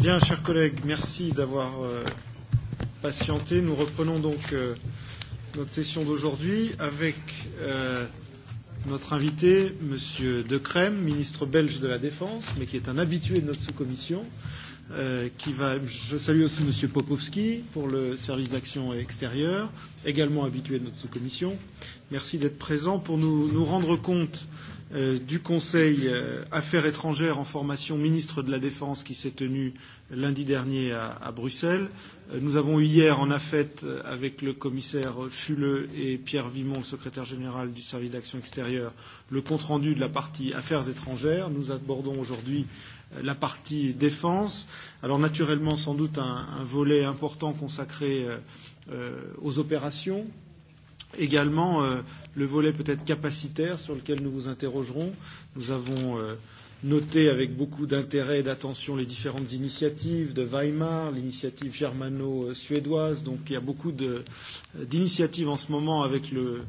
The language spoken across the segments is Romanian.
Bien, chers collègues, merci d'avoir euh, patienté. Nous reprenons donc euh, notre session d'aujourd'hui avec euh, notre invité, Monsieur De Crème, ministre belge de la Défense, mais qui est un habitué de notre sous-commission. qui va, je salue aussi Monsieur Popovski pour le service d'action extérieure, également habitué de notre sous-commission. Merci d'être présent pour nous, nous rendre compte euh, Euh, du Conseil euh, Affaires étrangères en formation ministre de la Défense qui s'est tenu lundi dernier à, à Bruxelles. Euh, nous avons eu hier en AFET euh, avec le commissaire Fuleux et Pierre Vimont, le secrétaire général du service d'action extérieure, le compte-rendu de la partie Affaires étrangères. Nous abordons aujourd'hui euh, la partie défense. Alors naturellement sans doute un, un volet important consacré euh, aux opérations Également, euh, le volet peut-être capacitaire sur lequel nous vous interrogerons. Nous avons euh, noté avec beaucoup d'intérêt et d'attention les différentes initiatives de Weimar, l'initiative germano-suédoise. Donc il y a beaucoup euh, d'initiatives en ce moment avec le,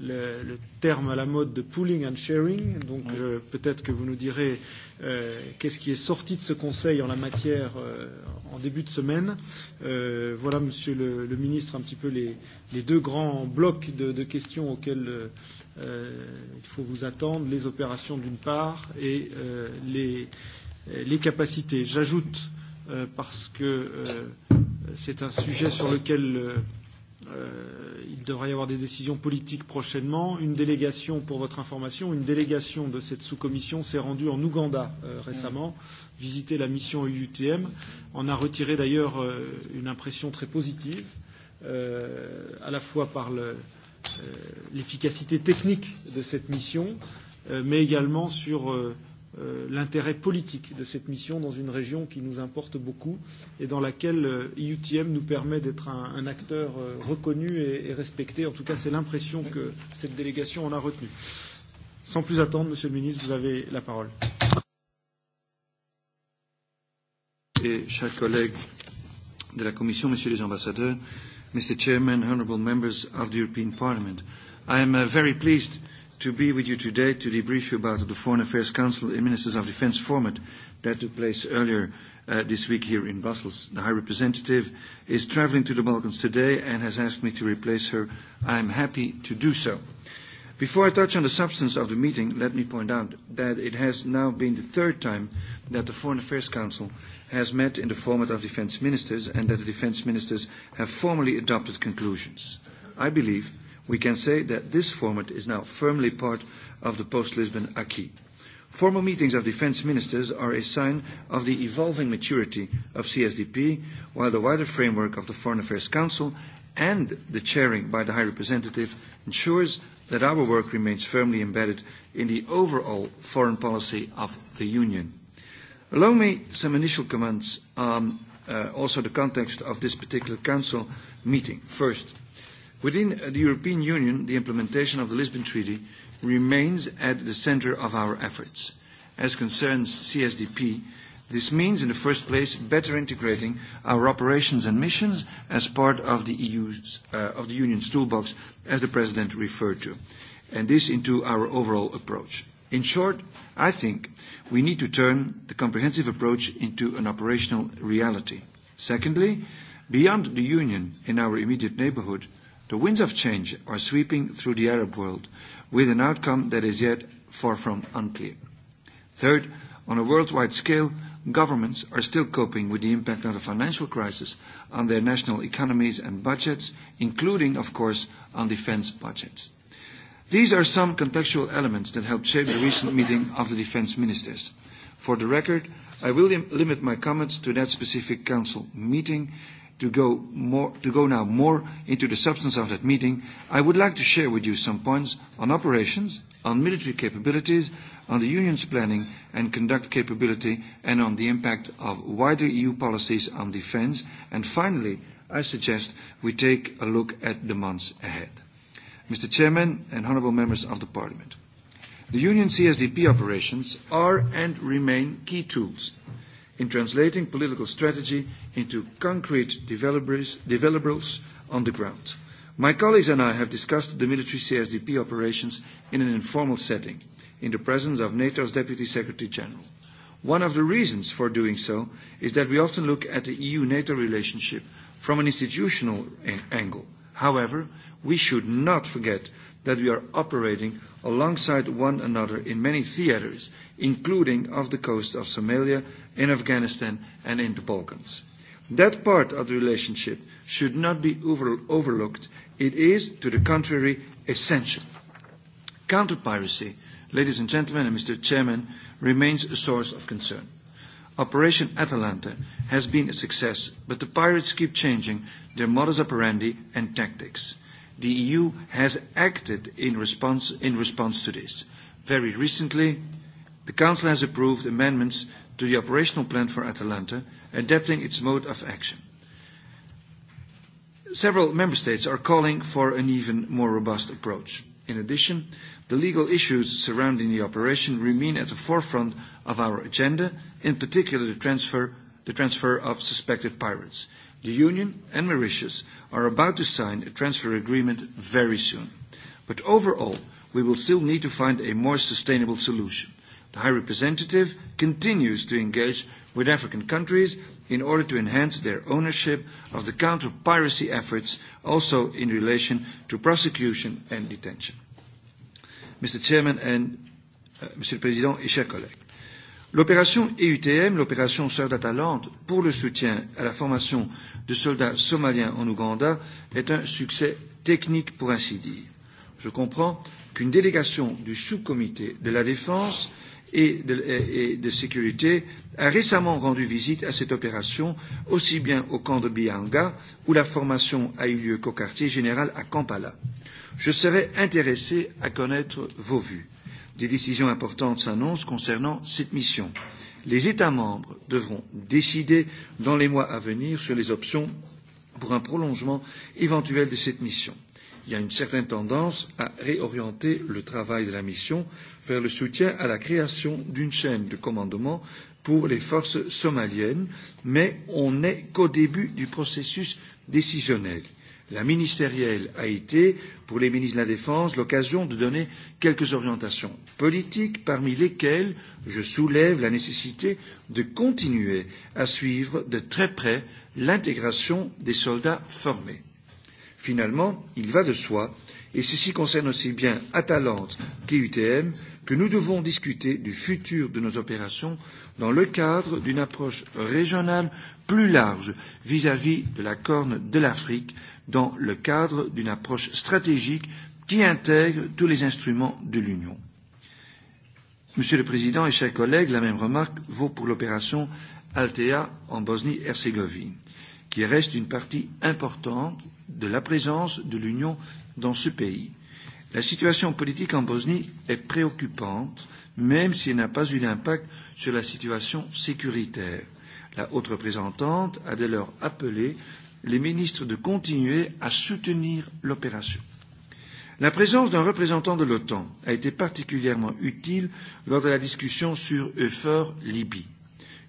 le, le terme à la mode de pooling and sharing. Donc euh, peut-être que vous nous direz euh, Euh, qu'est-ce qui est sorti de ce Conseil en la matière euh, en début de semaine. Euh, voilà, Monsieur le, le ministre, un petit peu les, les deux grands blocs de, de questions auxquels euh, euh il faut vous attendre, les opérations d'une part et euh, les, les capacités. J'ajoute, euh, parce que euh, c'est un sujet sur lequel euh, Euh, il devrait y avoir des décisions politiques prochainement. Une délégation, pour votre information, une délégation de cette sous-commission s'est rendue en Ouganda euh, récemment, mmh. visiter la mission UTM. On a retiré d'ailleurs euh, une impression très positive, euh, à la fois par l'efficacité le, euh, technique de cette mission, euh, mais également sur euh, Euh, l'intérêt politique de cette mission dans une région qui nous importe beaucoup et dans laquelle euh, IUTM nous permet d'être un, un acteur euh, reconnu et, et respecté. En tout cas, c'est l'impression que cette délégation en a retenue. Sans plus attendre, Monsieur le Ministre, vous avez la parole. Et chers collègues de la Commission, Messieurs les ambassadeurs, Mr. Chairman, honorable members of the European Parliament, I am uh, very pleased to be with you today to debrief you about the Foreign Affairs Council and Ministers of Defence format that took place earlier uh, this week here in Brussels. The High Representative is travelling to the Balkans today and has asked me to replace her. I am happy to do so. Before I touch on the substance of the meeting, let me point out that it has now been the third time that the Foreign Affairs Council has met in the format of defence ministers and that the defence ministers have formally adopted conclusions. I believe we can say that this format is now firmly part of the post-Lisbon acquis. Formal meetings of defence ministers are a sign of the evolving maturity of CSDP, while the wider framework of the Foreign Affairs Council and the chairing by the High Representative ensures that our work remains firmly embedded in the overall foreign policy of the Union. Allow me some initial comments on uh, also the context of this particular Council meeting. First, Within uh, the European Union, the implementation of the Lisbon Treaty remains at the centre of our efforts. As concerns CSDP, this means, in the first place, better integrating our operations and missions as part of the, EU's, uh, of the Union's toolbox, as the President referred to, and this into our overall approach. In short, I think we need to turn the comprehensive approach into an operational reality. Secondly, beyond the Union in our immediate neighbourhood, The winds of change are sweeping through the Arab world with an outcome that is yet far from unclear. Third, on a worldwide scale, governments are still coping with the impact of the financial crisis on their national economies and budgets, including, of course, on defence budgets. These are some contextual elements that helped shape the recent meeting of the defence ministers. For the record, I will lim limit my comments to that specific council meeting, to go, more, to go now more into the substance of that meeting, I would like to share with you some points on operations, on military capabilities, on the Union's planning and conduct capability, and on the impact of wider EU policies on defence. And finally, I suggest we take a look at the months ahead. Mr. Chairman and honourable members of the Parliament, the Union CSDP operations are and remain key tools in translating political strategy into concrete deliverables on the ground. My colleagues and I have discussed the military CSDP operations in an informal setting, in the presence of NATO's Deputy Secretary General. One of the reasons for doing so is that we often look at the EU-NATO relationship from an institutional angle. However, we should not forget that we are operating alongside one another in many theatres, including off the coast of Somalia, in Afghanistan, and in the Balkans. That part of the relationship should not be over overlooked. It is, to the contrary, essential. Counter-piracy, ladies and gentlemen and Mr. Chairman, remains a source of concern. Operation Atalanta has been a success, but the pirates keep changing their modus operandi and tactics. The EU has acted in response, in response to this. Very recently, the Council has approved amendments to the operational plan for Atalanta, adapting its mode of action. Several member states are calling for an even more robust approach. In addition, the legal issues surrounding the operation remain at the forefront of our agenda, in particular the transfer, the transfer of suspected pirates. The Union and Mauritius are about to sign a transfer agreement very soon. But overall, we will still need to find a more sustainable solution. The High Representative continues to engage with African countries in order to enhance their ownership of the counter-piracy efforts, also in relation to prosecution and detention. Mr. Chairman and uh, Mr. President, chers collègues, L'opération EUTM, l'opération Sœur d'Atalante, pour le soutien à la formation de soldats somaliens en Ouganda, est un succès technique pour ainsi dire. Je comprends qu'une délégation du sous-comité de la défense et de, et de sécurité a récemment rendu visite à cette opération, aussi bien au camp de Bianga, où la formation a eu lieu qu'au quartier général à Kampala. Je serais intéressé à connaître vos vues des décisions importantes s'annoncent concernant cette mission. Les États membres devront décider dans les mois à venir sur les options pour un prolongement éventuel de cette mission. Il y a une certaine tendance à réorienter le travail de la mission vers le soutien à la création d'une chaîne de commandement pour les forces somaliennes, mais on n'est qu'au début du processus décisionnel la ministérielle a été, pour les ministres de la Défense, l'occasion de donner quelques orientations politiques, parmi lesquelles je soulève la nécessité de continuer à suivre de très près l'intégration des soldats formés. Finalement, il va de soi et ceci concerne aussi bien Atalante qu'UTM, que nous devons discuter du futur de nos opérations dans le cadre d'une approche régionale plus large vis à -vis de la Corne de l'Afrique, dans le cadre d'une approche stratégique qui intègre tous les instruments de l'Union. Monsieur le Président et chers collègues, la même remarque vaut pour l'opération Altea en Bosnie-Herzégovine, qui reste une partie importante de la présence de l'Union dans ce pays. La situation politique en Bosnie est préoccupante, même si elle n'a pas eu d'impact sur la situation sécuritaire. La haute représentante a dès lors appelé les ministres de continuer à soutenir l'opération. La présence d'un représentant de l'OTAN a été particulièrement utile lors de la discussion sur Euphor Libye.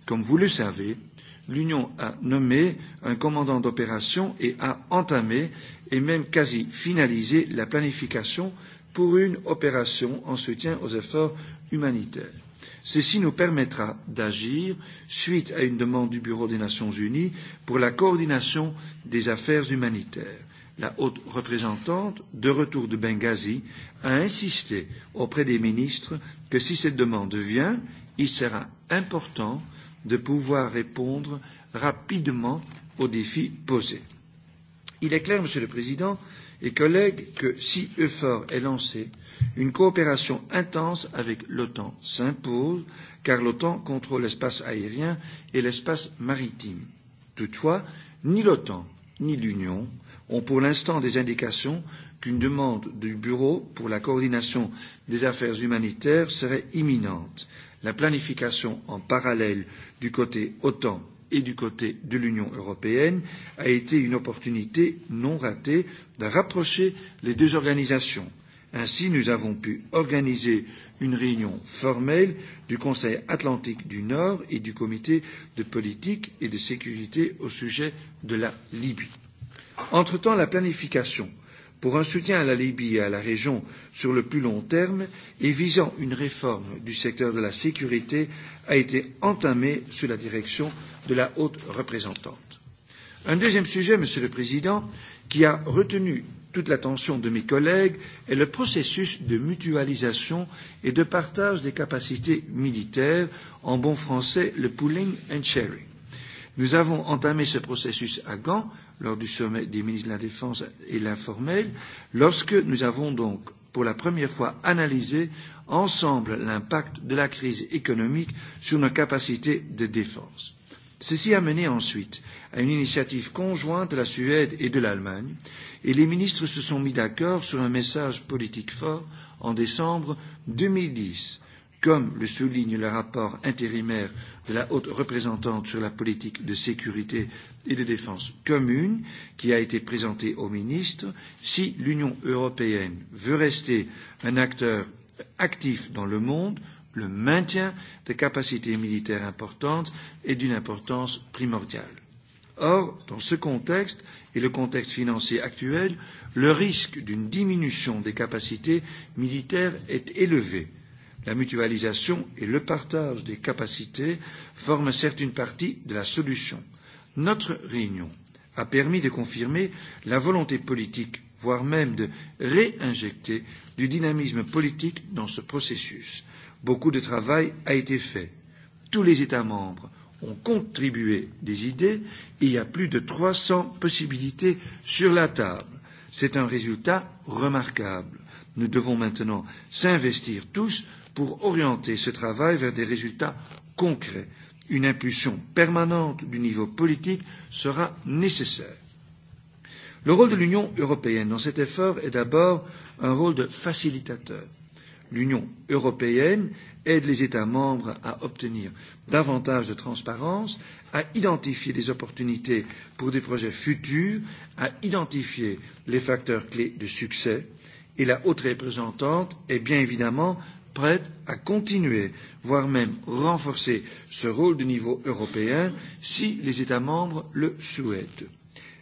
Comme vous le savez, l'Union a nommé un commandant d'opération et a entamé et même quasi finalisé la planification pour une opération en soutien aux efforts humanitaires. Ceci nous permettra d'agir suite à une demande du Bureau des Nations Unies pour la coordination des affaires humanitaires. La haute représentante, de retour de Benghazi, a insisté auprès des ministres que si cette demande vient, il sera important de pouvoir répondre rapidement aux défis posés. Il est clair, Monsieur le Président et collègues, que si EFOR est lancé, une coopération intense avec l'OTAN s'impose, car l'OTAN contrôle l'espace aérien et l'espace maritime. Toutefois, ni l'OTAN ni l'Union ont pour l'instant des indications qu'une demande du Bureau pour la coordination des affaires humanitaires serait imminente. La planification en parallèle du côté OTAN et du côté de l'Union européenne a été une opportunité non ratée de rapprocher les deux organisations. Ainsi, nous avons pu organiser une réunion formelle du Conseil atlantique du Nord et du Comité de politique et de sécurité au sujet de la Libye. Entre-temps, la planification pour un soutien à la Libye et à la région sur le plus long terme et visant une réforme du secteur de la sécurité a été entamé sous la direction de la haute représentante. Un deuxième sujet, Monsieur le Président, qui a retenu toute l'attention de mes collègues est le processus de mutualisation et de partage des capacités militaires, en bon français le pooling and sharing. Nous avons entamé ce processus à Gand lors du sommet des ministres de la Défense et l'informel, lorsque nous avons donc pour la première fois analysé ensemble l'impact de la crise économique sur nos capacités de défense. Ceci a mené ensuite à une initiative conjointe de la Suède et de l'Allemagne, et les ministres se sont mis d'accord sur un message politique fort en décembre 2010, comme le souligne le rapport intérimaire de la haute représentante sur la politique de sécurité et de défense commune qui a été présentée aux ministres, si l'Union européenne veut rester un acteur actif dans le monde, le maintien de capacités militaires importantes est d'une importance primordiale. Or, dans ce contexte et le contexte financier actuel, le risque d'une diminution des capacités militaires est élevé. La mutualisation et le partage des capacités forment certes une partie de la solution. Notre réunion a permis de confirmer la volonté politique, voire même de réinjecter du dynamisme politique dans ce processus. Beaucoup de travail a été fait. Tous les États membres ont contribué des idées et il y a plus de 300 possibilités sur la table. C'est un résultat remarquable. Nous devons maintenant s'investir tous pour orienter ce travail vers des résultats concrets une impulsion permanente du niveau politique sera nécessaire. Le rôle de l'Union européenne dans cet effort est d'abord un rôle de facilitateur. L'Union européenne aide les États membres à obtenir davantage de transparence, à identifier des opportunités pour des projets futurs, à identifier les facteurs clés de succès, et la haute représentante est bien évidemment prête à continuer, voire même renforcer ce rôle de niveau européen si les États membres le souhaitent.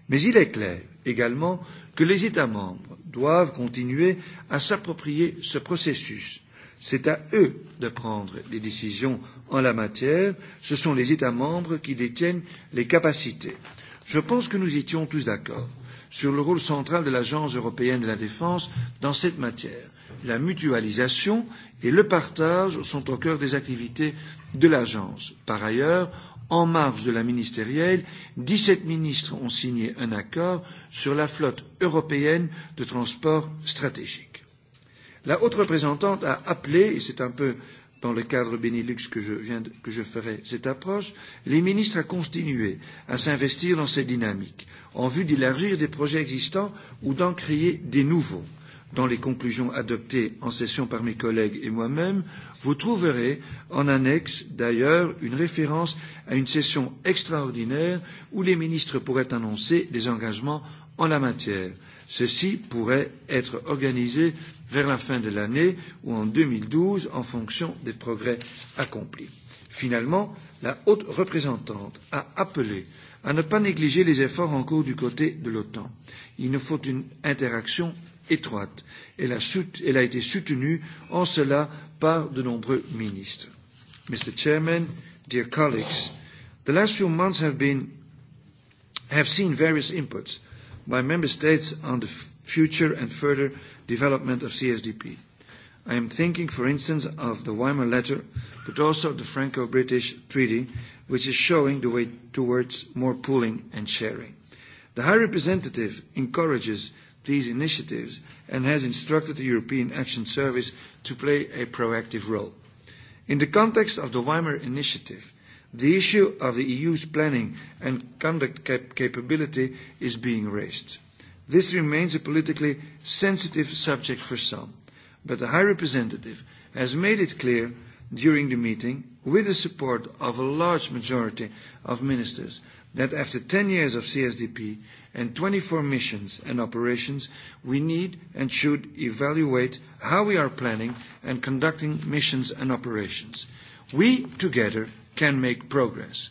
Mais il est clair également que les États membres doivent continuer à s'approprier ce processus. C'est à eux de prendre les décisions en la matière. Ce sont les États membres qui détiennent les capacités. Je pense que nous étions tous d'accord sur le rôle central de l'Agence européenne de la défense dans cette matière la mutualisation et le partage sont au cœur des activités de l'agence. Par ailleurs, en marge de la ministérielle, 17 ministres ont signé un accord sur la flotte européenne de transport stratégique. La haute représentante a appelé, et c'est un peu dans le cadre Benelux que je, viens de, que je ferai cette approche, les ministres à continuer à s'investir dans cette dynamique en vue d'élargir des projets existants ou d'en créer des nouveaux dans les conclusions adoptées en session par mes collègues et moi-même, vous trouverez en annexe d'ailleurs une référence à une session extraordinaire où les ministres pourraient annoncer des engagements en la matière. Ceci pourrait être organisé vers la fin de l'année ou en 2012 en fonction des progrès accomplis. Finalement, la haute représentante a appelé à ne pas négliger les efforts en cours du côté de l'OTAN. Il nous faut une interaction étroite. Elle a, elle a été soutenue en cela par de nombreux ministres. Mr. Chairman, dear colleagues, the last few months have been have seen various inputs by member states on the future and further development of CSDP. I am thinking, for instance, of the Weimar letter, but also the Franco-British treaty, which is showing the way towards more pooling and sharing. The High Representative encourages these initiatives and has instructed the European Action Service to play a proactive role. In the context of the Weimar Initiative, the issue of the EU's planning and conduct cap capability is being raised. This remains a politically sensitive subject for some, but the High Representative has made it clear during the meeting, with the support of a large majority of ministers, that after 10 years of CSDP, and 24 missions and operations, we need and should evaluate how we are planning and conducting missions and operations. We together can make progress.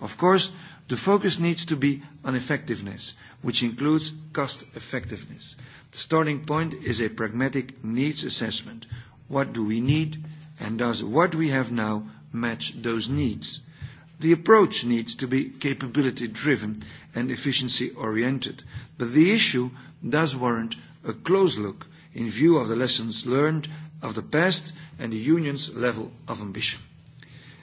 Of course, the focus needs to be on effectiveness, which includes cost effectiveness. The starting point is a pragmatic needs assessment. What do we need, and does what we have now match those needs? The approach needs to be capability driven and efficiency oriented. But the issue does warrant a close look in view of the lessons learned of the past and the Union's level of ambition.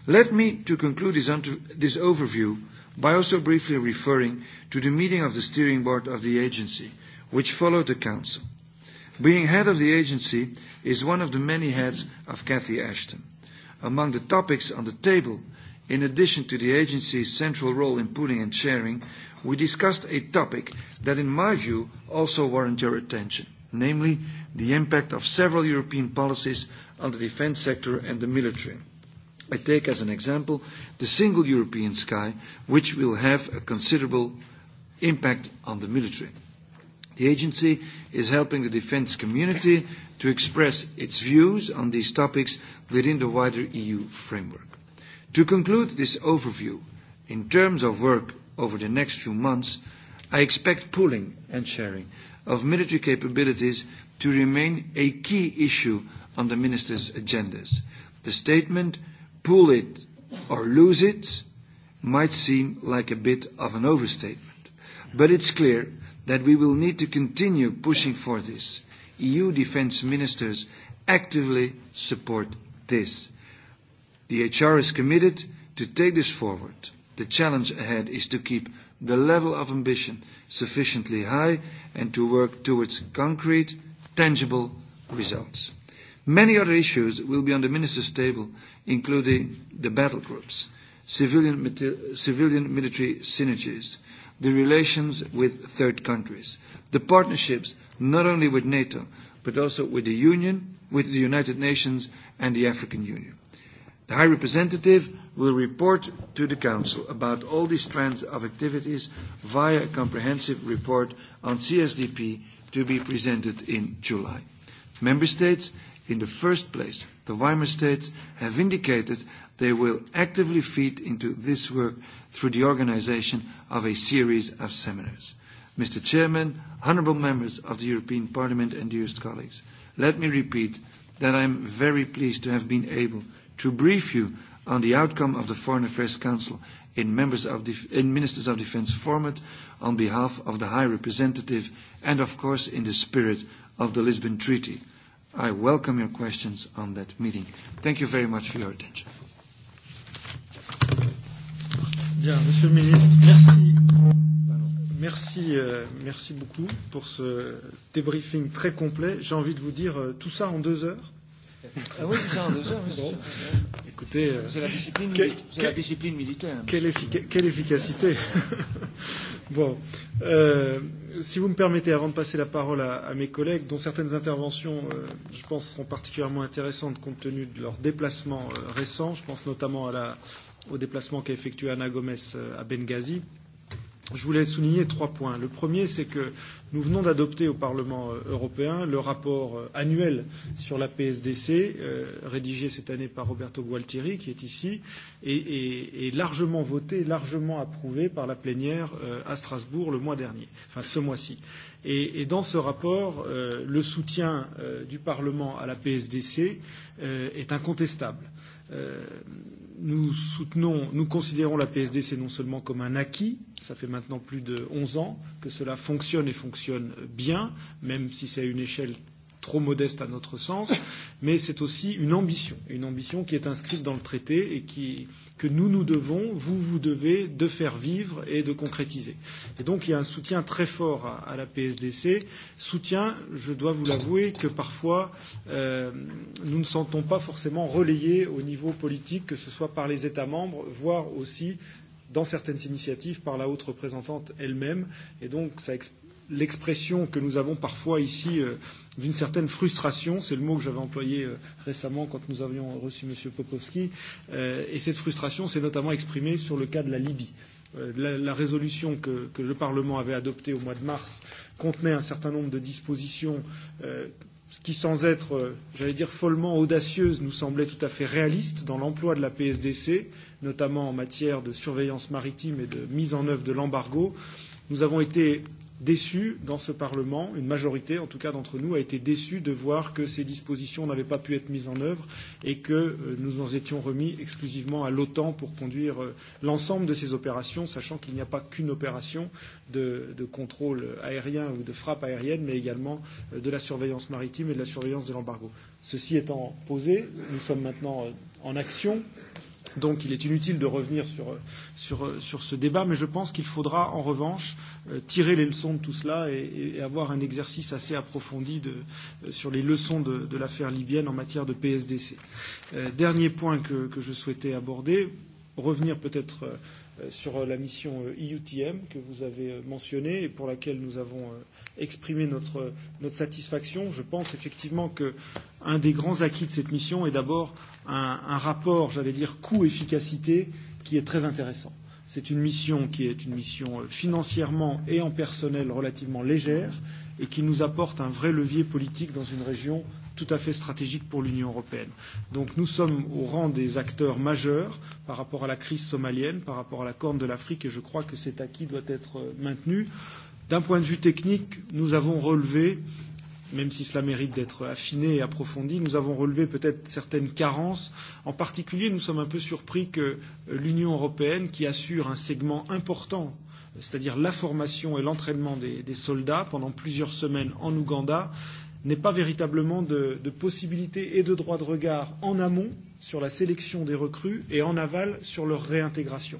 Let me, to conclude this, this overview, by also briefly referring to the meeting of the steering board of the agency, which followed the Council. Being head of the agency is one of the many heads of Cathy Ashton. Among the topics on the table In addition to the agency's central role in pooling and sharing, we discussed a topic that, in my view, also warrants your attention, namely the impact of several European policies on the defence sector and the military. I take as an example the single European sky, which will have a considerable impact on the military. The agency is helping the defence community to express its views on these topics within the wider EU framework. To conclude this overview, in terms of work over the next few months, I expect pooling and sharing of military capabilities to remain a key issue on the ministers' agendas. The statement, pool it or lose it, might seem like a bit of an overstatement, but it's clear that we will need to continue pushing for this. EU defence ministers actively support this. The HR is committed to take this forward. The challenge ahead is to keep the level of ambition sufficiently high and to work towards concrete, tangible results. Many other issues will be on the ministers' table, including the battle groups, civilian, military synergies, the relations with third countries, the partnerships not only with NATO, but also with the Union, with the United Nations and the African Union. The High Representative will report to the Council about all these trends of activities via a comprehensive report on CSDP to be presented in July. Member States, in the first place, the Weimar States, have indicated they will actively feed into this work through the organisation of a series of seminars. Mr. Chairman, honourable members of the European Parliament and dearest colleagues, let me repeat that I am very pleased to have been able to brief you on the outcome of the Foreign Affairs Council in, members of Def in Ministers of Defence format on behalf of the High Representative and, of course, in the spirit of the Lisbon Treaty. I welcome your questions on that meeting. Thank you very much for your attention. Bien, Monsieur le Ministre, merci. Merci, euh, merci beaucoup pour ce débriefing très complet. J'ai envie de vous dire euh, tout ça en deux heures. Ah oui, c'est ça, ça, bon. Écoutez, euh, c'est la discipline, la discipline militaire. Quelle, effic quelle efficacité Bon, euh, si vous me permettez, avant de passer la parole à, à mes collègues, dont certaines interventions, euh, je pense, sont particulièrement intéressantes compte tenu de leurs déplacements euh, récents. Je pense notamment à la, au déplacement qu'a effectué Anna Gomes euh, à Benghazi je voulais souligner trois points. Le premier, c'est que nous venons d'adopter au Parlement euh, européen le rapport euh, annuel sur la PSDC, euh, rédigé cette année par Roberto Gualtieri, qui est ici, et, et, et largement voté, largement approuvé par la plénière euh, à Strasbourg le mois dernier, enfin ce mois-ci. Et, et dans ce rapport, euh, le soutien euh, du Parlement à la PSDC euh, est incontestable. Euh, Nous soutenons, nous considérons la PSDC non seulement comme un acquis, ça fait maintenant plus de 11 ans que cela fonctionne et fonctionne bien, même si c'est à une échelle trop modeste à notre sens, mais c'est aussi une ambition, une ambition qui est inscrite dans le traité et qui, que nous, nous devons, vous, vous devez, de faire vivre et de concrétiser. Et donc, il y a un soutien très fort à, à la PSDC, soutien, je dois vous l'avouer, que parfois, euh, nous ne sentons pas forcément relayé au niveau politique, que ce soit par les États membres, voire aussi dans certaines initiatives par la haute représentante elle-même. Et donc, l'expression que nous avons parfois ici euh, d'une certaine frustration, c'est le mot que j'avais employé euh, récemment quand nous avions reçu M. Popovski, euh, et cette frustration s'est notamment exprimée sur le cas de la Libye. Euh, la, la résolution que, que le Parlement avait adoptée au mois de mars contenait un certain nombre de dispositions euh, ce qui, sans être, euh, j'allais dire, follement audacieuse, nous semblait tout à fait réaliste dans l'emploi de la PSDC, notamment en matière de surveillance maritime et de mise en œuvre de l'embargo. Nous avons été déçus dans ce Parlement, une majorité en tout cas d'entre nous a été déçue de voir que ces dispositions n'avaient pas pu être mises en œuvre et que euh, nous en étions remis exclusivement à l'OTAN pour conduire euh, l'ensemble de ces opérations, sachant qu'il n'y a pas qu'une opération de, de contrôle aérien ou de frappe aérienne, mais également euh, de la surveillance maritime et de la surveillance de l'embargo. Ceci étant posé, nous sommes maintenant en action Donc il est inutile de revenir sur, sur, sur ce débat, mais je pense qu'il faudra en revanche euh, tirer les leçons de tout cela et, et avoir un exercice assez approfondi de, euh, sur les leçons de, de l'affaire libyenne en matière de PSDC. Euh, dernier point que, que je souhaitais aborder, revenir peut-être euh, sur la mission EUTM que vous avez mentionnée et pour laquelle nous avons exprimé notre, notre satisfaction. Je pense effectivement que un des grands acquis de cette mission est d'abord un, un rapport, j'allais dire, coût-efficacité qui est très intéressant. C'est une mission qui est une mission euh, financièrement et en personnel relativement légère et qui nous apporte un vrai levier politique dans une région tout à fait stratégique pour l'Union européenne. Donc nous sommes au rang des acteurs majeurs par rapport à la crise somalienne, par rapport à la Corne de l'Afrique et je crois que cet acquis doit être euh, maintenu. D'un point de vue technique, nous avons relevé même si cela mérite d'être affiné et approfondi, nous avons relevé peut-être certaines carences. En particulier, nous sommes un peu surpris que euh, l'Union européenne, qui assure un segment important c'est-à-dire la formation et l'entraînement des, des soldats pendant plusieurs semaines en Ouganda, n'ait pas véritablement de, de possibilité et de droit de regard en amont sur la sélection des recrues et en aval sur leur réintégration.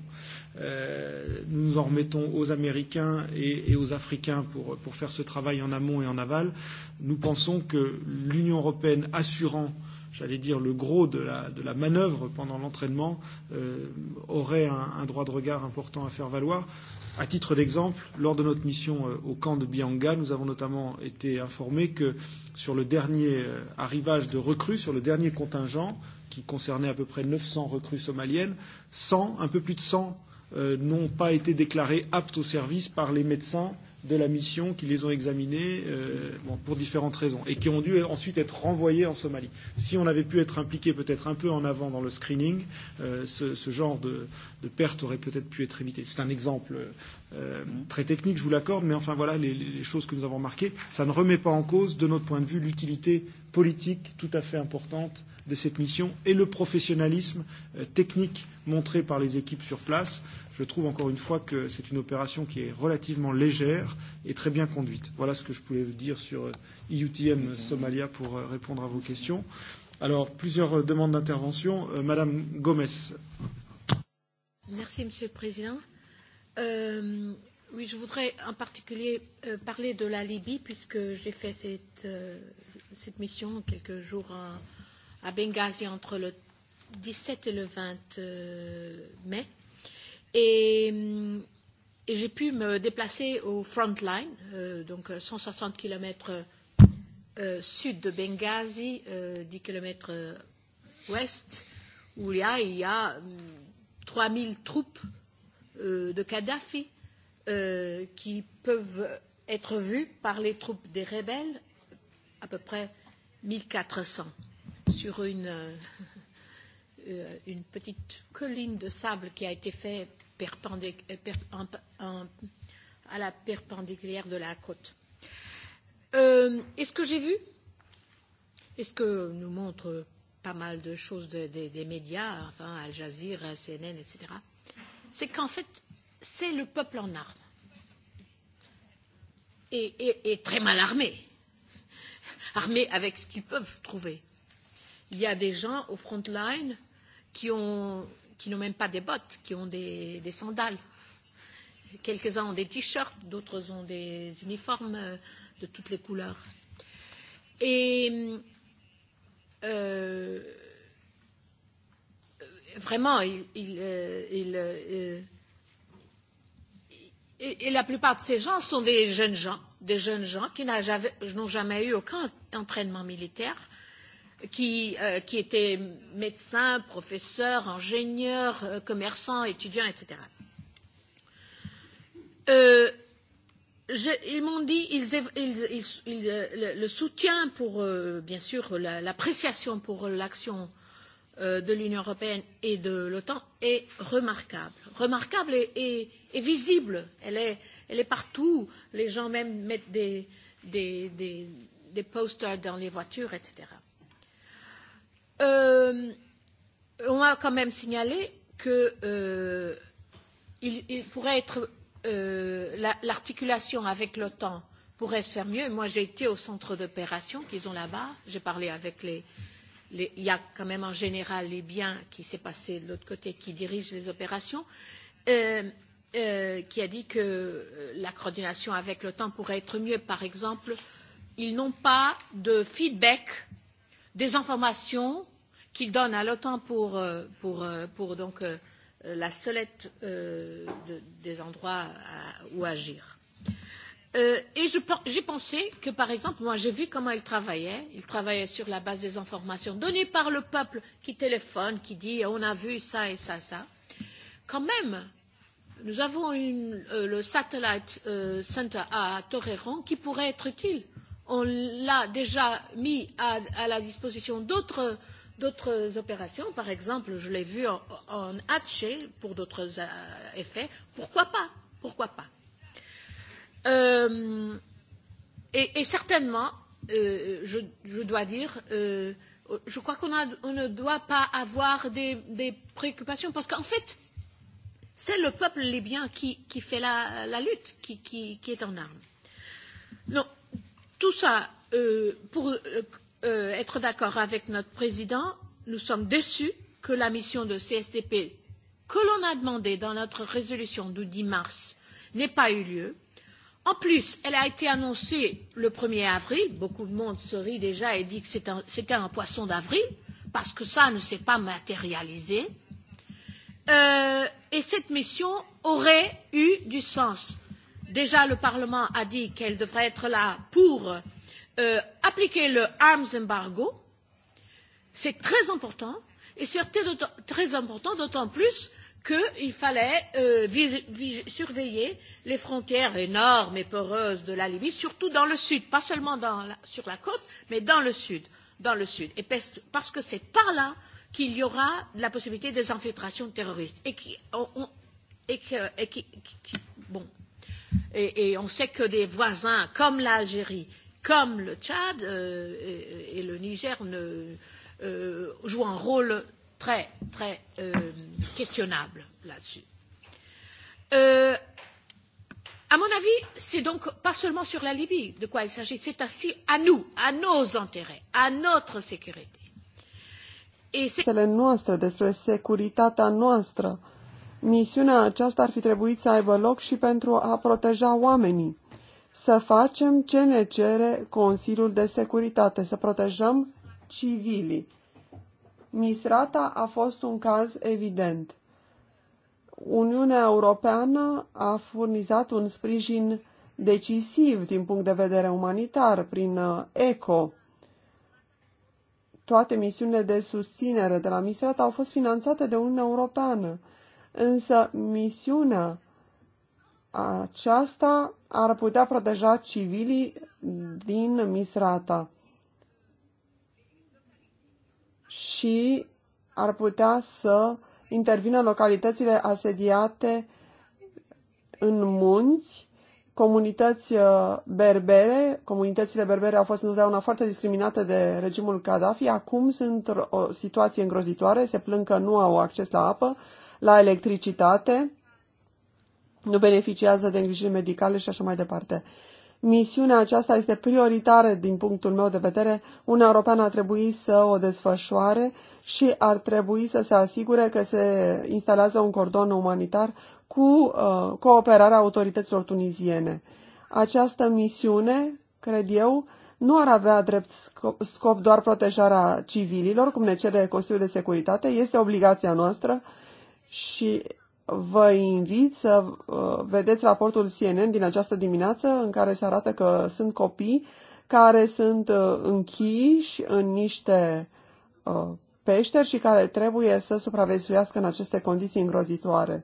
Euh, nous en remettons aux Américains et, et aux Africains pour, pour faire ce travail en amont et en aval. Nous pensons que l'Union européenne assurant j'allais dire, le gros de la, de la manœuvre pendant l'entraînement euh, aurait un, un droit de regard important à faire valoir. À titre d'exemple, lors de notre mission euh, au camp de Bianga, nous avons notamment été informés que sur le dernier euh, arrivage de recrues, sur le dernier contingent, qui concernait à peu près 900 recrues somaliennes, 100, un peu plus de 100 euh, n'ont pas été déclarés aptes au service par les médecins de la mission qui les ont examinés euh, bon, pour différentes raisons et qui ont dû ensuite être renvoyés en Somalie. Si on avait pu être impliqué peut-être un peu en avant dans le screening, euh, ce, ce genre de, de perte aurait peut-être pu être évité. C'est un exemple euh, très technique, je vous l'accorde, mais enfin voilà les, les choses que nous avons marquées. Ça ne remet pas en cause, de notre point de vue, l'utilité politique tout à fait importante de cette mission et le professionnalisme euh, technique montré par les équipes sur place. Je trouve encore une fois que c'est une opération qui est relativement légère et très bien conduite. Voilà ce que je pouvais vous dire sur euh, IUTM Somalia pour euh, répondre à vos questions. Alors, plusieurs demandes d'intervention. Euh, Madame Gomez. Merci, Monsieur le Président. Euh, oui, je voudrais en particulier euh, parler de la Libye, puisque j'ai fait cette, euh, cette mission quelques jours à, euh, à Benghazi entre le 17 et le 20 euh, mai. Et, mm, et j'ai pu me déplacer au front line, euh, donc 160 euh, km euh, sud de Benghazi, euh, 10 km ouest, où il y a, il y a 3000 mm, troupes euh, de Kadhafi euh, qui peuvent être vues par les troupes des rebelles à peu près 1400 sur une, euh, euh, une petite colline de sable qui a été faite perpendic euh, à la perpendiculaire de la côte. Euh, Est-ce que j'ai vu Est-ce que nous montre pas mal de choses de, de, des médias, enfin Al Jazeera, CNN, etc. C'est qu'en fait, c'est le peuple en armes. Et, et, et très mal armé. armés avec ce qu'ils peuvent trouver. Il y a des gens au front line qui ont qui n'ont même pas des bottes, qui ont des, des sandales. Quelques-uns ont des t-shirts, d'autres ont des uniformes euh, de toutes les couleurs. Et euh, euh vraiment, il, il, euh, il, euh, et, et la plupart de ces gens sont des jeunes gens de jeunes gens qui n'ont jamais eu aucun entraînement militaire, qui, euh, qui étaient médecins, professeurs, ingénieurs, euh, commerçants, étudiants, etc. Euh, je, ils m'ont dit ils, ils, ils, ils, euh, le, le soutien pour, euh, bien sûr, l'appréciation la, pour l'action euh, de l'Union européenne et de l'OTAN est remarquable remarquable et, et, et visible. Elle est, elle est partout. Les gens même mettent des, des, des, des posters dans les voitures, etc. Euh, on a quand même signalé que euh, il pourrait être euh, l'articulation la, avec l'OTAN pourrait se faire mieux. Moi, j'ai été au centre d'opération qu'ils ont là-bas. J'ai parlé avec les, euh, les, il y a quand même en général les biens qui s'est passé de l'autre côté qui dirigent les opérations, euh, euh, qui a dit que euh, la coordination avec l'OTAN pourrait être mieux. Par exemple, ils n'ont pas de feedback des informations qu'ils donnent à l'OTAN pour, euh, pour, euh, pour donc la solette euh, de, des endroits à, où agir. Euh, et j'ai pensé que, par exemple, moi j'ai vu comment ils travaillaient. Ils travaillaient sur la base des informations données par le peuple qui téléphone, qui dit eh, on a vu ça et ça, ça. Quand même, nous avons une, euh, le Satellite euh, Center à Torrejon qui pourrait être utile. On l'a déjà mis à, à la disposition d'autres d'autres opérations, par exemple, je l'ai vu en, en Hatché pour d'autres euh, effets. Pourquoi pas Pourquoi pas Euh, et, et certainement, euh, je, je dois dire, euh, je crois qu'on on ne doit pas avoir des, des préoccupations parce qu'en fait, c'est le peuple libyen qui, qui fait la, la lutte, qui, qui, qui est en armes. Non, tout ça, euh, pour euh, euh être d'accord avec notre président, nous sommes déçus que la mission de CSDP que l'on a demandée dans notre résolution du 10 mars n'ait pas eu lieu. Euh, En plus, elle a été annoncée le 1er avril. Beaucoup de monde se rit déjà et dit que c'était un, un poisson d'avril, parce que ça ne s'est pas matérialisé. Euh, et cette mission aurait eu du sens. Déjà, le Parlement a dit qu'elle devrait être là pour euh, appliquer le arms embargo. C'est très important, et c'est très important d'autant plus qu'il fallait euh, surveiller les frontières énormes et poreuses de la Libye, surtout dans le sud, pas seulement dans la, sur la côte, mais dans le sud, dans le sud. Et parce parce que c'est par là qu'il y aura la possibilité des infiltrations terroristes et qui, on, on, et que, et qui, qui bon. Et, et on sait que des voisins comme l'Algérie, comme le Tchad euh, et, et le Niger ne, euh, jouent un rôle très, très euh, questionnable là-dessus. Euh, à mon avis, c'est donc pas seulement sur la Libye de quoi il s'agit, c'est aussi à nous, à nos intérêts, à notre sécurité. E se... noastre, despre securitatea noastră. Misiunea aceasta ar fi trebuit să aibă loc și pentru a proteja oamenii. Să facem ce ne cere Consiliul de Securitate, să protejăm civilii. Misrata a fost un caz evident. Uniunea Europeană a furnizat un sprijin decisiv din punct de vedere umanitar prin uh, ECO. Toate misiunile de susținere de la Misrata au fost finanțate de Uniunea Europeană, însă misiunea aceasta ar putea proteja civilii din Misrata și ar putea să intervină localitățile asediate în munți, comunități uh, berbere, comunitățile berbere au fost întotdeauna foarte discriminate de regimul Gaddafi, acum sunt o situație îngrozitoare, se plâng că nu au acces la apă, la electricitate, nu beneficiază de îngrijiri medicale și așa mai departe. Misiunea aceasta este prioritară din punctul meu de vedere. Uniunea Europeană ar trebui să o desfășoare și ar trebui să se asigure că se instalează un cordon umanitar cu uh, cooperarea autorităților tuniziene. Această misiune, cred eu, nu ar avea drept scop doar protejarea civililor, cum ne cere Consiliul de Securitate, este obligația noastră și Vă invit să uh, vedeți raportul CNN din această dimineață în care se arată că sunt copii care sunt uh, închiși în niște uh, peșteri și care trebuie să supraviețuiască în aceste condiții îngrozitoare.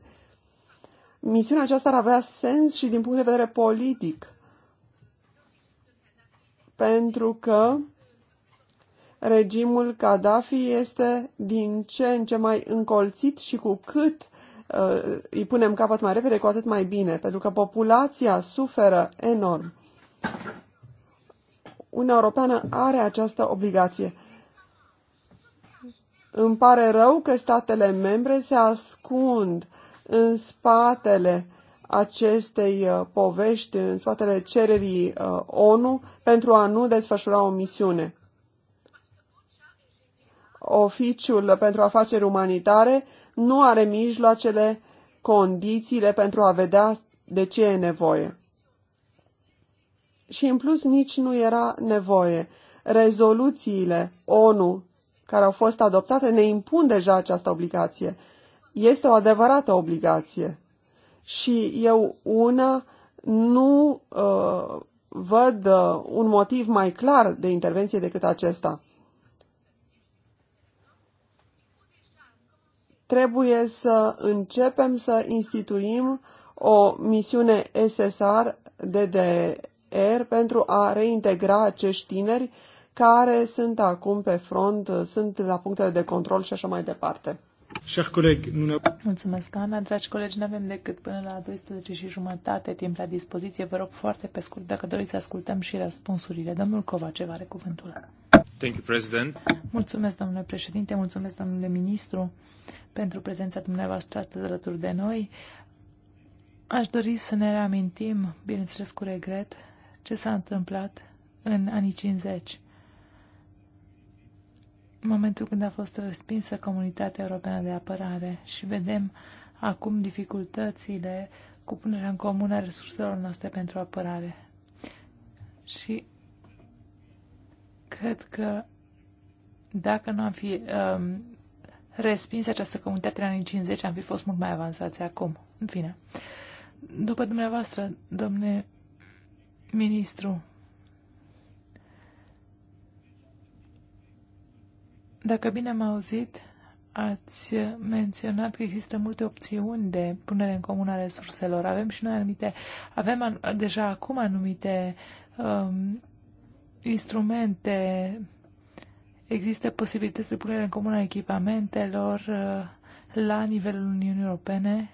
Misiunea aceasta ar avea sens și din punct de vedere politic, pentru că regimul Gaddafi este din ce în ce mai încolțit și cu cât uh, Uh, îi punem capăt mai repede, cu atât mai bine, pentru că populația suferă enorm. Uniunea Europeană are această obligație. Îmi pare rău că statele membre se ascund în spatele acestei uh, povești, în spatele cererii uh, ONU pentru a nu desfășura o misiune. Oficiul pentru afaceri umanitare nu are mijloacele, condițiile pentru a vedea de ce e nevoie. Și în plus nici nu era nevoie. Rezoluțiile ONU care au fost adoptate ne impun deja această obligație. Este o adevărată obligație. Și eu una nu uh, văd uh, un motiv mai clar de intervenție decât acesta. trebuie să începem să instituim o misiune SSR DDR pentru a reintegra acești tineri care sunt acum pe front, sunt la punctele de control și așa mai departe. Cher coleg, nu ne... Mulțumesc, Ana. Dragi colegi, nu avem decât până la 12 și jumătate timp la dispoziție. Vă rog foarte pe scurt, dacă doriți ascultăm și răspunsurile. Domnul Covaceva are cuvântul. Thank you, President. Mulțumesc, domnule președinte, mulțumesc, domnule ministru, pentru prezența dumneavoastră astăzi alături de noi. Aș dori să ne reamintim, bineînțeles cu regret, ce s-a întâmplat în anii 50, în momentul când a fost respinsă Comunitatea Europeană de Apărare și vedem acum dificultățile cu punerea în comun a resurselor noastre pentru apărare. Și Cred că dacă nu am fi um, respins această comunitate în anii 50, am fi fost mult mai avansați acum. În fine. După dumneavoastră, domne ministru, Dacă bine am auzit, ați menționat că există multe opțiuni de punere în comun a resurselor. Avem și noi anumite, avem an, deja acum anumite um, instrumente, există posibilități de punere în comun a echipamentelor uh, la nivelul Uniunii Europene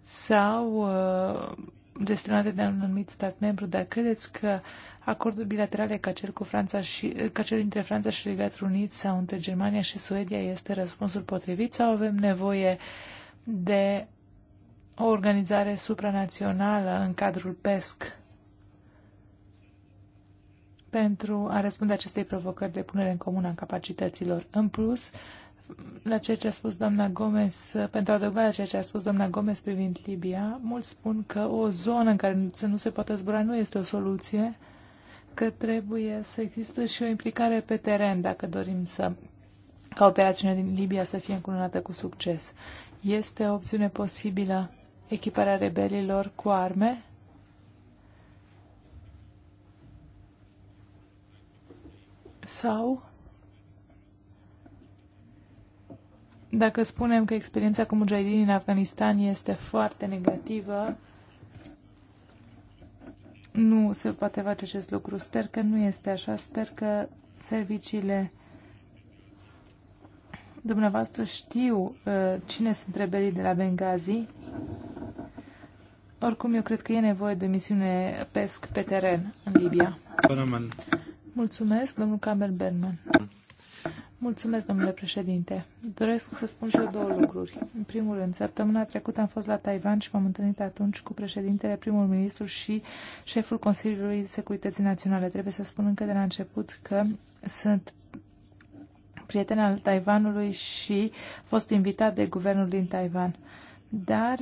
sau uh, gestionate de un anumit stat membru, dar credeți că acorduri bilaterale ca cel, cu Franța și, uh, ca cel dintre Franța și Regatul Unit sau între Germania și Suedia este răspunsul potrivit sau avem nevoie de o organizare supranațională în cadrul PESC pentru a răspunde acestei provocări de punere în comun a capacităților. În plus, la ceea ce a spus doamna Gomez, pentru a adăuga la ceea ce a spus doamna Gomez privind Libia, mulți spun că o zonă în care să nu se poată zbura nu este o soluție, că trebuie să există și o implicare pe teren dacă dorim să ca operațiunea din Libia să fie încununată cu succes. Este o opțiune posibilă echiparea rebelilor cu arme, sau dacă spunem că experiența cu mujahidinii în Afganistan este foarte negativă, nu se poate face acest lucru. Sper că nu este așa. Sper că serviciile dumneavoastră știu uh, cine sunt rebelii de la Benghazi. Oricum, eu cred că e nevoie de o misiune PESC pe teren în Libia. Mulțumesc, domnul Campbell Berman. Mulțumesc, domnule președinte. Doresc să spun și eu două lucruri. În primul rând, săptămâna trecută am fost la Taiwan și m-am întâlnit atunci cu președintele, primul ministru și șeful Consiliului Securității Naționale. Trebuie să spun încă de la început că sunt prieten al Taiwanului și fost invitat de guvernul din Taiwan. Dar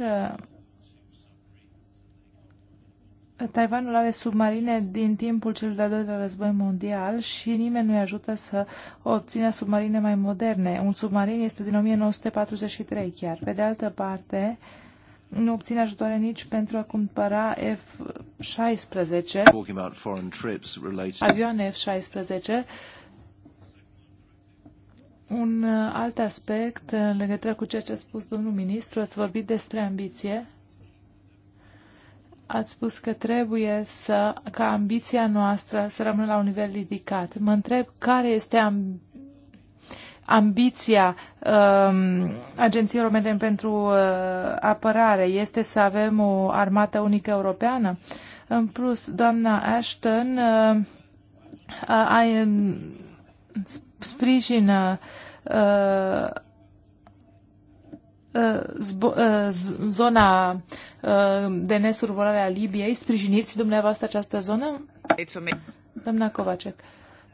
Taiwanul are submarine din timpul celui de-al doilea război mondial și nimeni nu-i ajută să obțină submarine mai moderne. Un submarin este din 1943 chiar. Pe de altă parte, nu obține ajutoare nici pentru a cumpăra F-16, avioane F-16. Un uh, alt aspect uh, în legătură cu ceea ce a spus domnul ministru, ați vorbit despre ambiție ați spus că trebuie să, ca ambiția noastră să rămână la un nivel ridicat. Mă întreb care este ambiția um, Agenției Române pentru uh, Apărare este să avem o armată unică europeană. În plus, doamna Ashton uh, a, a, sprijină uh, Uh, zona uh, de nesurvolare a Libiei. Sprijiniți dumneavoastră această zonă? Doamna Kovacek,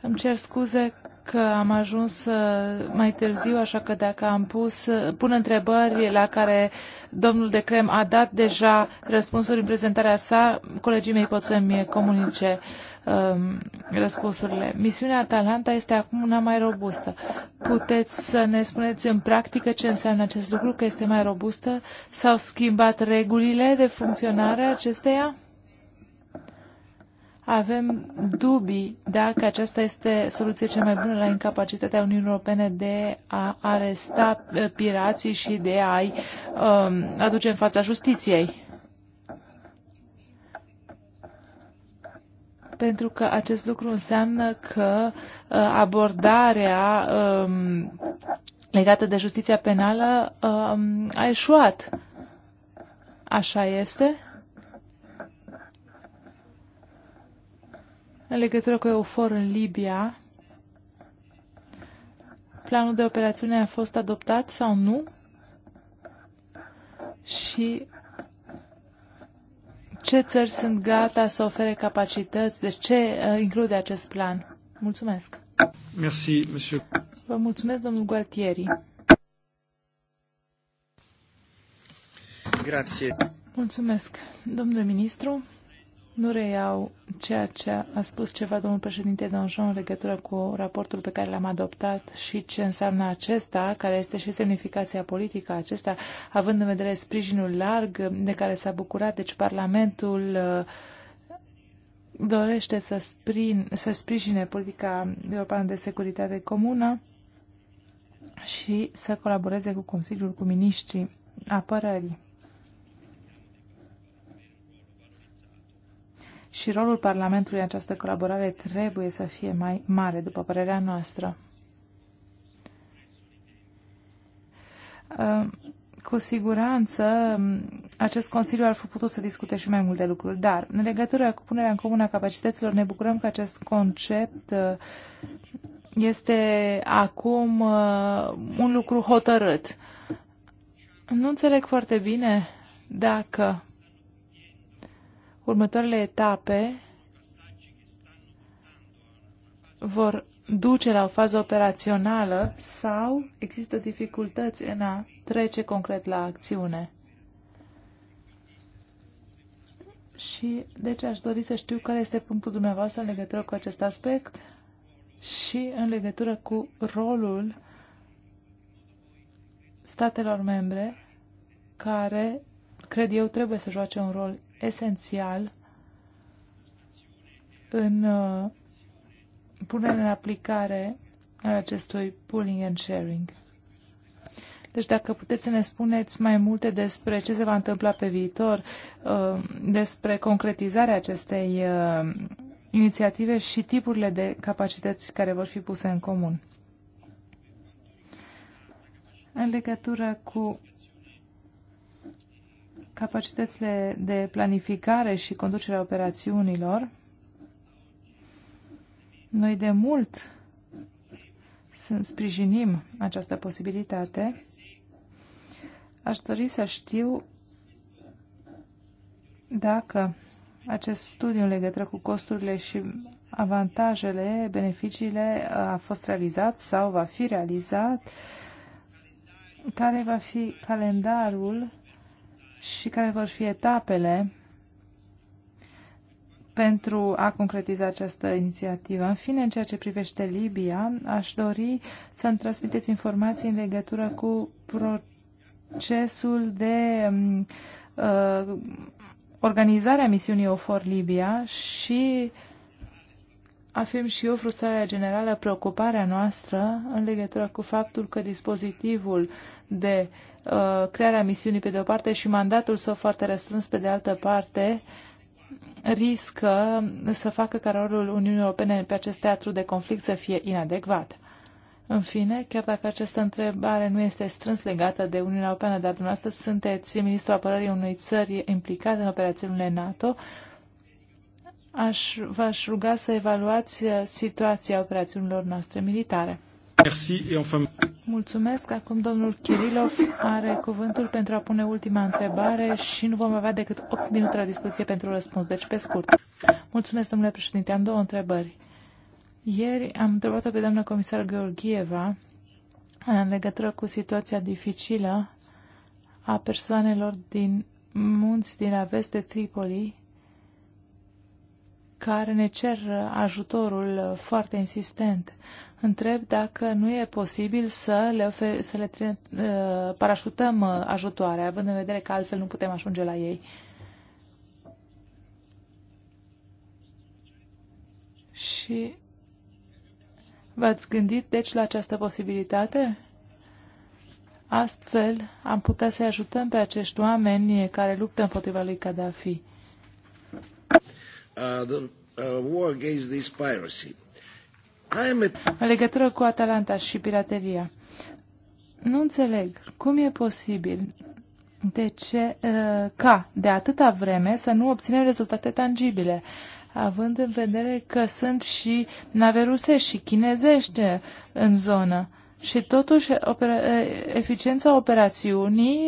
îmi cer scuze că am ajuns uh, mai târziu, așa că dacă am pus, pun întrebări la care domnul de Crem a dat deja răspunsuri în prezentarea sa, colegii mei pot să-mi comunice. Uh, Um, răspunsurile. Misiunea Atalanta este acum una mai robustă. Puteți să ne spuneți în practică ce înseamnă acest lucru, că este mai robustă? S-au schimbat regulile de funcționare acesteia? Avem dubii dacă aceasta este soluția cea mai bună la incapacitatea Uniunii Europene de a aresta pirații și de a-i um, aduce în fața justiției. pentru că acest lucru înseamnă că uh, abordarea um, legată de justiția penală um, a eșuat. Așa este? În legătură cu EUFOR în Libia, planul de operațiune a fost adoptat sau nu? Și ce țări sunt gata să ofere capacități, deci ce uh, include acest plan. Mulțumesc. Merci, monsieur. Vă mulțumesc, domnul Gualtieri. Grazie. Mulțumesc, domnule ministru. Nu reiau ceea ce a spus ceva domnul președinte Donjon în legătură cu raportul pe care l-am adoptat și ce înseamnă acesta, care este și semnificația politică acesta, având în vedere sprijinul larg de care s-a bucurat, deci Parlamentul uh, dorește să, sprin, să sprijine politica europeană de securitate comună și să colaboreze cu Consiliul, cu miniștrii apărării. și rolul Parlamentului în această colaborare trebuie să fie mai mare, după părerea noastră. Cu siguranță, acest Consiliu ar fi putut să discute și mai multe lucruri, dar în legătură cu punerea în comun a capacităților, ne bucurăm că acest concept uh, este acum uh, un lucru hotărât. Nu înțeleg foarte bine dacă Următoarele etape vor duce la o fază operațională sau există dificultăți în a trece concret la acțiune. Și deci aș dori să știu care este punctul dumneavoastră în legătură cu acest aspect și în legătură cu rolul statelor membre care, cred eu, trebuie să joace un rol esențial în uh, punerea în aplicare a acestui pooling and sharing. Deci dacă puteți să ne spuneți mai multe despre ce se va întâmpla pe viitor, uh, despre concretizarea acestei uh, inițiative și tipurile de capacități care vor fi puse în comun. În legătură cu capacitățile de planificare și conducerea operațiunilor. Noi de mult sprijinim această posibilitate. Aș dori să știu dacă acest studiu în legătură cu costurile și avantajele, beneficiile a fost realizat sau va fi realizat, care va fi calendarul și care vor fi etapele pentru a concretiza această inițiativă. În fine, în ceea ce privește Libia, aș dori să-mi transmiteți informații în legătură cu procesul de um, uh, organizare a misiunii OFOR Libia și afirm și eu frustrarea generală, preocuparea noastră în legătură cu faptul că dispozitivul de uh, Uh, crearea misiunii pe de o parte și mandatul său foarte restrâns pe de altă parte riscă să facă ca rolul Uniunii Europene pe acest teatru de conflict să fie inadecvat. În fine, chiar dacă această întrebare nu este strâns legată de Uniunea Europeană, dar dumneavoastră sunteți ministrul apărării unei țări implicat în operațiunile NATO, aș, v-aș ruga să evaluați uh, situația operațiunilor noastre militare. Mulțumesc. Acum domnul Kirilov are cuvântul pentru a pune ultima întrebare și nu vom avea decât 8 minute la dispoziție pentru răspuns, deci pe scurt. Mulțumesc, domnule președinte. Am două întrebări. Ieri am întrebat-o pe doamna comisar Gheorgheva în legătură cu situația dificilă a persoanelor din munți din la vest de Tripoli care ne cer ajutorul foarte insistent întreb dacă nu e posibil să le, ofer, să le tre- uh, parașutăm uh, ajutoare, având în vedere că altfel nu putem ajunge la ei. Și v-ați gândit, deci, la această posibilitate? Astfel, am putea să-i ajutăm pe acești oameni care luptă împotriva lui Gaddafi. Uh, the uh, war against this piracy în legătură cu Atalanta și pirateria, nu înțeleg cum e posibil de ce, uh, ca de atâta vreme să nu obținem rezultate tangibile, având în vedere că sunt și nave rusești și chinezești în zonă. Și totuși opera, eficiența operațiunii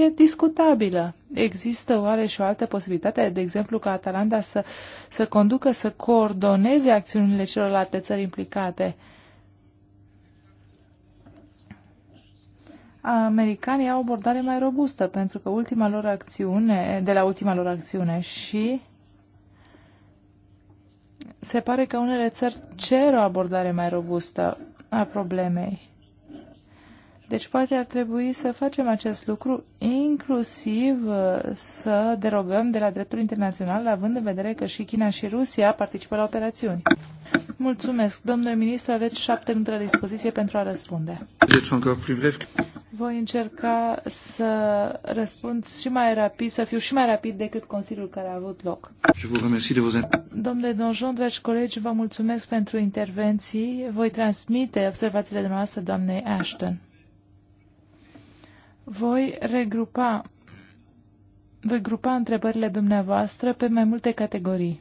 e, e discutabilă. Există oare și o altă posibilitate, de exemplu, ca Atalanta să, să conducă, să coordoneze acțiunile celorlalte țări implicate? Americanii au o abordare mai robustă, pentru că ultima lor acțiune, de la ultima lor acțiune și se pare că unele țări cer o abordare mai robustă a problemei. Deci poate ar trebui să facem acest lucru, inclusiv uh, să derogăm de la dreptul internațional, având în vedere că și China și Rusia participă la operațiuni. Mulțumesc. Domnule ministru, aveți șapte minute la dispoziție pentru a răspunde. Deci, Voi încerca să răspund și mai rapid, să fiu și mai rapid decât Consiliul care a avut loc. Domnule Donjon, dragi colegi, vă mulțumesc pentru intervenții. Voi transmite observațiile noastre doamnei Ashton. Voi regrupa, voi grupa întrebările dumneavoastră pe mai multe categorii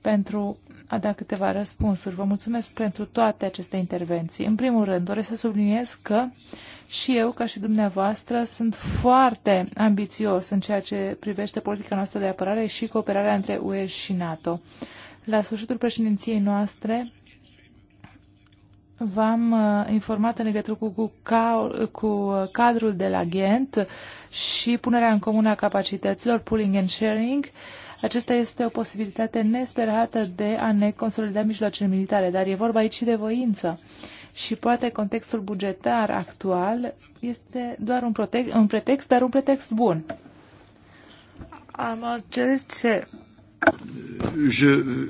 pentru a da câteva răspunsuri. Vă mulțumesc pentru toate aceste intervenții. În primul rând, doresc să subliniez că și eu, ca și dumneavoastră, sunt foarte ambițios în ceea ce privește politica noastră de apărare și cooperarea între UE și NATO. La sfârșitul președinției noastre, V-am uh, informat în legătură cu, cu, cu uh, cadrul de la Ghent și punerea în comun a capacităților, pooling and sharing. Acesta este o posibilitate nesperată de a ne consolida mijloacele militare, dar e vorba aici de voință. Și poate contextul bugetar actual este doar un, un pretext, dar un pretext bun. Am înțeles ce Je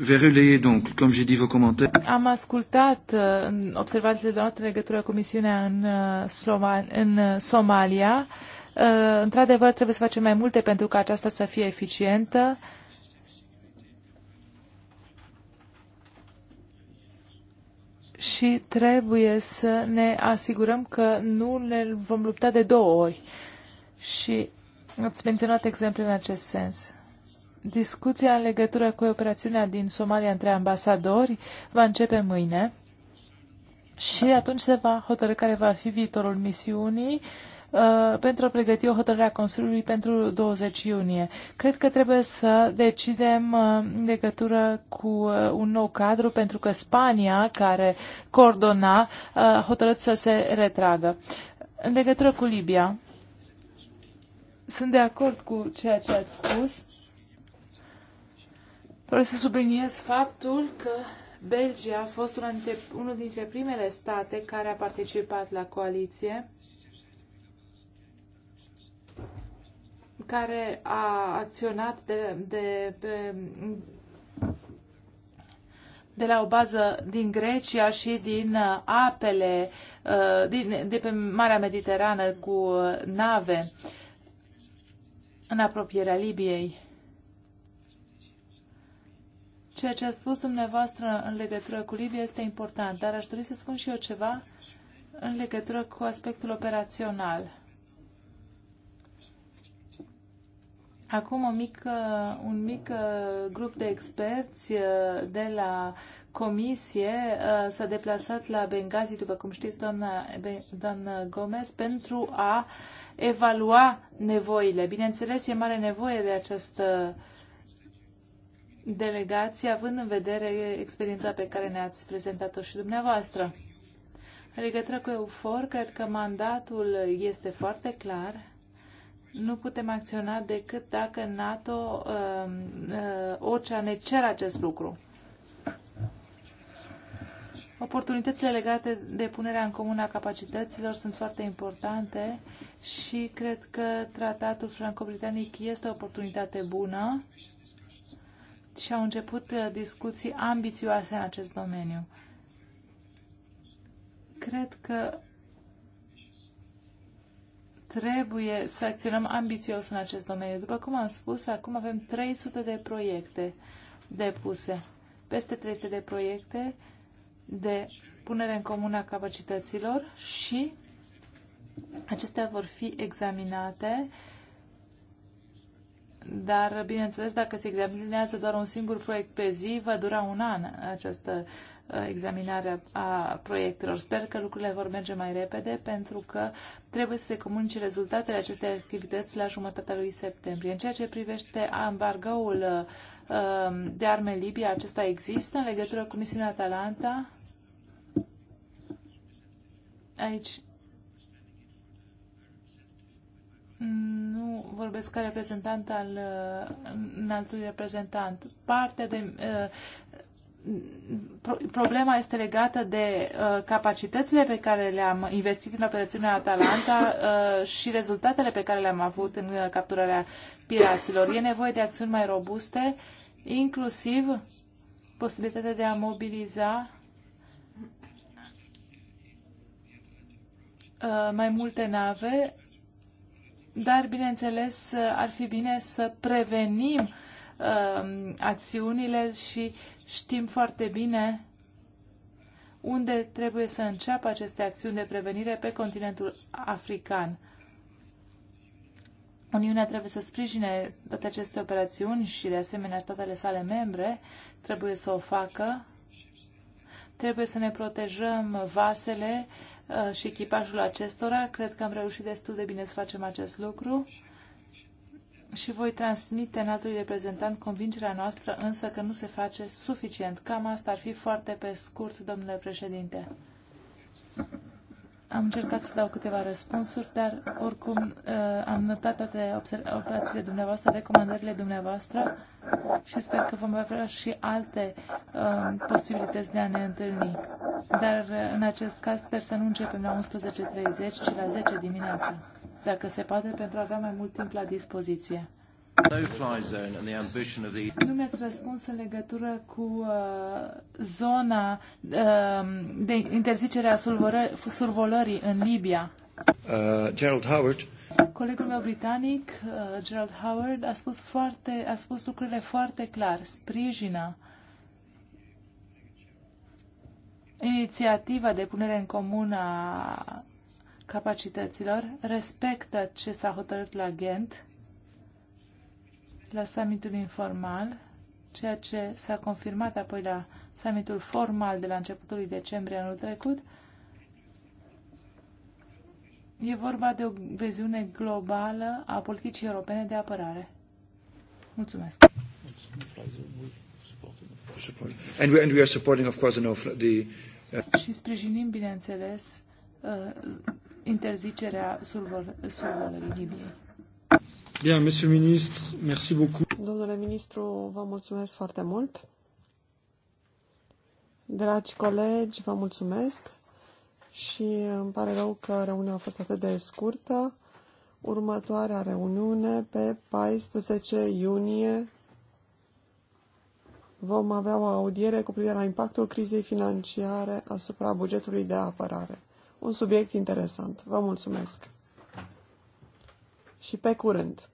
vais relayer donc, comme j'ai dit, vos commentaires. Am ascultat uh, observațiile noastre în legătură cu misiunea în, uh, Sloma, în uh, Somalia. Într-adevăr, trebuie să facem mai multe pentru ca aceasta să fie eficientă. și trebuie să ne asigurăm că nu ne vom lupta de două ori. Și ați menționat exemple în acest sens. Discuția în legătură cu operațiunea din Somalia între ambasadori va începe mâine și atunci se va hotărâ care va fi viitorul misiunii uh, pentru a pregăti o hotărâre a Consiliului pentru 20 iunie. Cred că trebuie să decidem uh, în legătură cu uh, un nou cadru, pentru că Spania, care coordona, a hotărât să se retragă. În legătură cu Libia, sunt de acord cu ceea ce ați spus. Vreau să subliniez faptul că Belgia a fost una dintre, unul dintre primele state care a participat la coaliție, care a acționat de, de, de, de la o bază din Grecia și din uh, apele uh, din, de pe Marea Mediterană cu uh, nave în apropierea Libiei. Ceea ce a spus dumneavoastră în legătură cu Libia este important, dar aș dori să spun și eu ceva în legătură cu aspectul operațional. Acum o mică, un mic uh, grup de experți uh, de la comisie uh, s-a deplasat la Benghazi, după cum știți, doamna, doamna Gomez, pentru a evalua nevoile. Bineînțeles, e mare nevoie de această uh, delegații, având în vedere experiența pe care ne-ați prezentat-o și dumneavoastră. În legătură cu EUFOR, cred că mandatul este foarte clar. Nu putem acționa decât dacă NATO, um, uh, OCEA, ne cer acest lucru. Oportunitățile legate de punerea în comun a capacităților sunt foarte importante și cred că tratatul franco-britanic este o oportunitate bună și au început uh, discuții ambițioase în acest domeniu. Cred că trebuie să acționăm ambițios în acest domeniu. După cum am spus, acum avem 300 de proiecte depuse, peste 300 de proiecte de punere în comun a capacităților și acestea vor fi examinate dar, bineînțeles, dacă se examinează doar un singur proiect pe zi, va dura un an această uh, examinare a proiectelor. Sper că lucrurile vor merge mai repede pentru că trebuie să se comunice rezultatele acestei activități la jumătatea lui septembrie. În ceea ce privește embargoul uh, um, de arme Libia, acesta există în legătură cu misiunea Atalanta? Aici nu vorbesc ca reprezentant al uh, înaltului reprezentant. Parte de uh, problema este legată de uh, capacitățile pe care le-am investit în operațiunea Atalanta uh, și rezultatele pe care le-am avut în uh, capturarea piraților. E nevoie de acțiuni mai robuste, inclusiv posibilitatea de a mobiliza uh, mai multe nave dar, bineînțeles, ar fi bine să prevenim uh, acțiunile și știm foarte bine unde trebuie să înceapă aceste acțiuni de prevenire pe continentul african. Uniunea trebuie să sprijine toate aceste operațiuni și, de asemenea, statele sale membre trebuie să o facă. Trebuie să ne protejăm vasele uh, Uh, și echipajul acestora. Cred că am reușit destul de bine să facem acest lucru și voi transmite înaltului reprezentant convingerea noastră, însă că nu se face suficient. Cam asta ar fi foarte pe scurt, domnule președinte. Am încercat să dau câteva răspunsuri, dar oricum uh, am notat toate observațiile dumneavoastră, recomandările dumneavoastră și sper că vom avea și alte uh, posibilități de a ne întâlni. Dar uh, în acest caz sper să nu începem la 11.30, ci la 10 dimineața, dacă se poate, pentru a avea mai mult timp la dispoziție. Nu mi-ați răspuns în legătură cu uh, zona uh, de interzicere a survolării în Libia. Uh, Gerald Howard. Colegul meu britanic, uh, Gerald Howard, a spus, foarte, a spus lucrurile foarte clar. Sprijină inițiativa de punere în comun a capacităților, respectă ce s-a hotărât la Ghent, la summitul informal, ceea ce s-a confirmat apoi la summitul formal de la începutul lui decembrie anul trecut, e vorba de o viziune globală a politicii europene de apărare. Mulțumesc. Uh, Și sprijinim, bineînțeles, uh, interzicerea survolării Libiei. Bien, monsieur le ministre, merci beaucoup. Domnule ministru, vă mulțumesc foarte mult. Dragi colegi, vă mulțumesc și îmi pare rău că reuniunea a fost atât de scurtă. Următoarea reuniune pe 14 iunie vom avea o audiere cu privire la impactul crizei financiare asupra bugetului de apărare. Un subiect interesant. Vă mulțumesc! și pe curând.